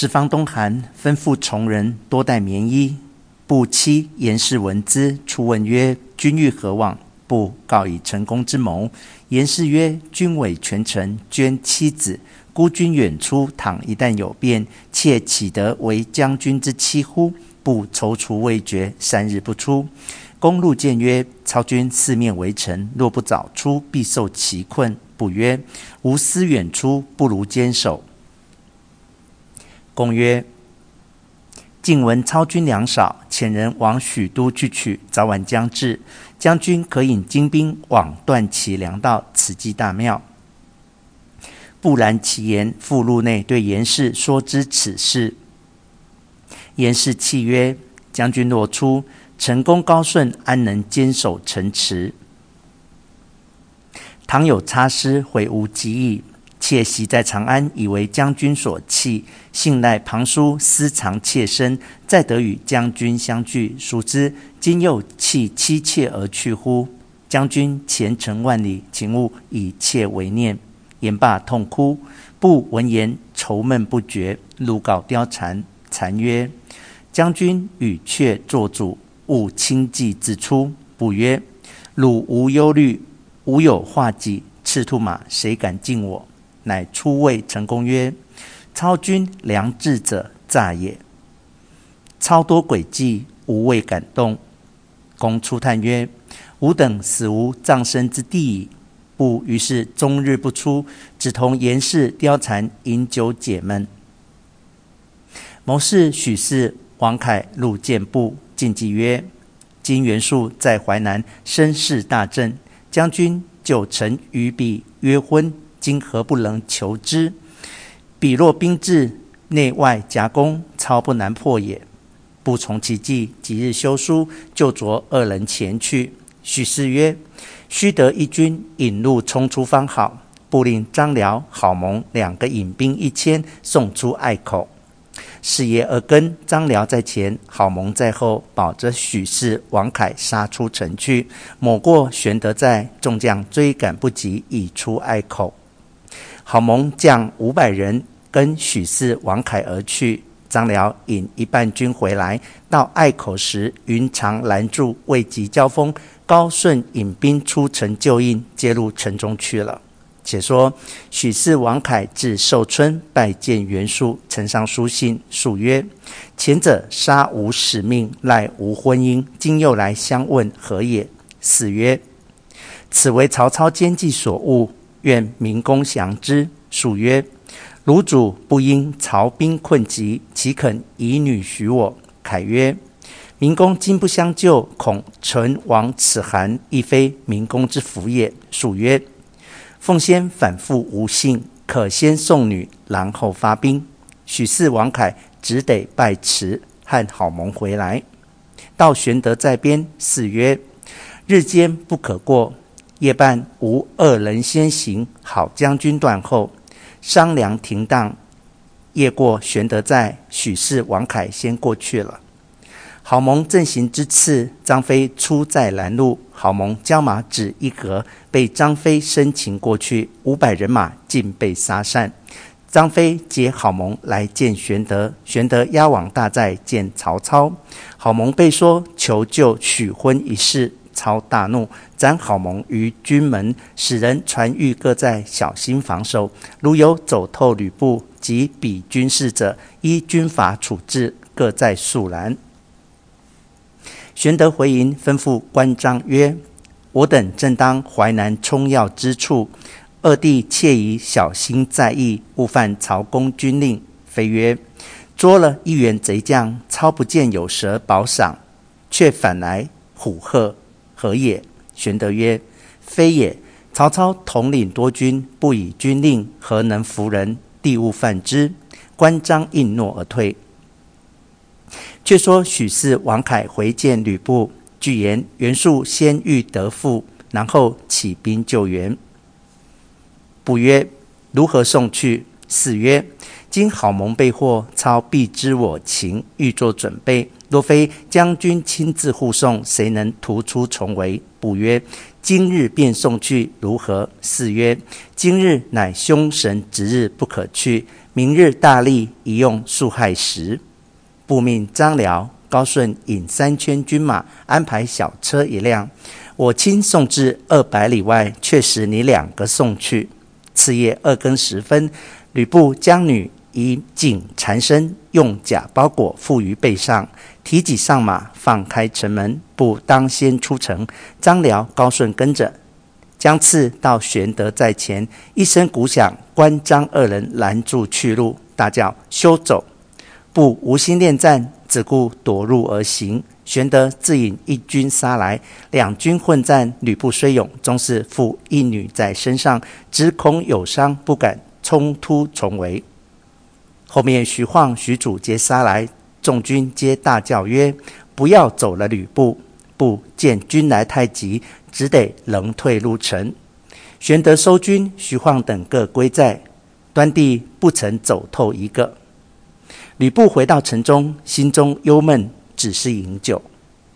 時方冬寒，吩咐從人多帶棉衣。布妻嚴氏聞之，出問曰：“君欲何往？”布告以成功之謀。嚴氏曰：“君委全城，捐妻子，孤軍遠出，倘一旦有變，妾豈得為將軍之妻乎？”布躊躇未決，三日不出。宮入見曰：“曹軍四面圍城，若不早出，必受其困。”布曰：“吾思遠出，不如堅守。”公曰：“晉聞操軍糧少，遣人往許都去取，早晚將至。將軍可引精兵往斷其糧道，此計大妙。”布然其言，復入內對嚴氏說之此事。嚴氏泣曰：“將軍若出，成功高順安能堅守城池？倘有差失，悔無及矣。”妾昔在長安，以為將軍所棄，幸賴龐舒私藏妾身，再得與將軍相聚。孰知今又棄妻妾而去乎？將軍前程萬里，請勿以妾為念。言罷痛哭。布聞言愁悶不絕，怒告貂蟬。蟬曰，曰：“將軍與妾作主，勿輕騎自出。”布曰：“汝無憂慮，吾有畫戟、赤兔馬，誰敢近我？”乃出謂陳宮曰：“操軍糧至者詐也，操多詭計，吾未敢動。”宮出嘆曰：“吾等死無葬身之地矣！”布，於是終日不出，只同嚴氏、貂蟬飲酒解悶。謀士許氏、王凱入見布，進計曰：“今袁術在淮南，聲勢大振，將軍舊曾與彼約婚。”今何不能求之彼若兵至，內外夾攻，操不難破也。不從其計，即日修書，就着二人前去。許氏曰：“須得一軍引路衝出方好。”布令張遼、郝萌兩個引兵一千送出隘口。是夜二更，張遼在前，郝萌在後，保着許氏、王凱殺出城去。抹過玄德寨，眾將追趕不及，已出隘口。郝萌將五百人跟許汜、王楷而去，張遼引一半軍回來。到隘口時，雲長攔住，未及交鋒。高順引兵出城救應，接入城中去了。且說許汜、王楷至壽春，拜見袁術，呈上書信，術曰：“前者殺吾使命，賴吾婚姻，今又來相問何也？”使曰：“此為曹操奸計所誤。”願明公降之。術曰：“汝主不因曹兵困急，豈肯以女許我？”凱曰：“明公今不相救，恐唇亡齒寒，亦非明公之福也。”術曰：“奉先反覆無信，可先送女，然後發兵。”許四王凱只得拜辭，和郝蒙回來。到玄德在邊，四曰：“日間不可過。”夜半，吾二人先行，郝將軍斷後。商量停當，夜過玄德寨，許氏、王凱先過去了。郝萌正行之次，張飛出寨攔路。郝萌將馬只一格，被張飛生擒過去。五百人馬盡被殺散。張飛接郝萌來見玄德，玄德押往大寨見曹操。郝萌被說求救許婚一事。操大怒，斬郝萌於軍門，使人傳諭各寨小心防守。如有走透呂布及彼軍士者，依軍法處置。各寨肅然。玄德回營，吩咐關張曰：“我等正當淮南衝要之處，二弟切宜小心在意，勿犯曹公軍令。”飛曰：“捉了一員賊將，操不見有蛇保賞，卻反來唬嚇。”何也？玄德曰：“非也。曹操統領多軍，不以軍令，何能服人？弟勿犯之。”關張應諾而退。卻說許汜、王楷回見呂布，具言袁術先欲得富，然後起兵救援。布曰：“如何送去？”汜曰：“今郝萌被獲，操必知我情，欲作準備。”若非將軍親自護送，誰能突出重圍？布曰今日便送去如何？汜曰今日乃凶神值日，不可去。明日大利，宜用戌亥時。布命張遼、高順引三千軍馬，安排小車一輛，我親送至二百里外，卻使你兩個送去。次夜二更時分，呂布將女。以錦纏身，用甲包裹，負於背上，提戟上馬，放開城門，布當先出城。張遼、高順跟着，將次到。玄德在前，一聲鼓響，關張二人攔住去路，大叫：“休走！”布無心戀戰，只顧奪路而行。玄德自引一軍殺來，兩軍混戰。呂布雖勇，終是負一女在身上，只恐有傷，不敢衝突重圍。後面徐晃、許褚皆殺來，眾軍皆大叫曰：“不要走了呂布！”布見軍來太急，只得仍退入城。玄德收軍，徐晃等各歸寨，端地不曾走透一個。呂布回到城中，心中憂悶，只是飲酒。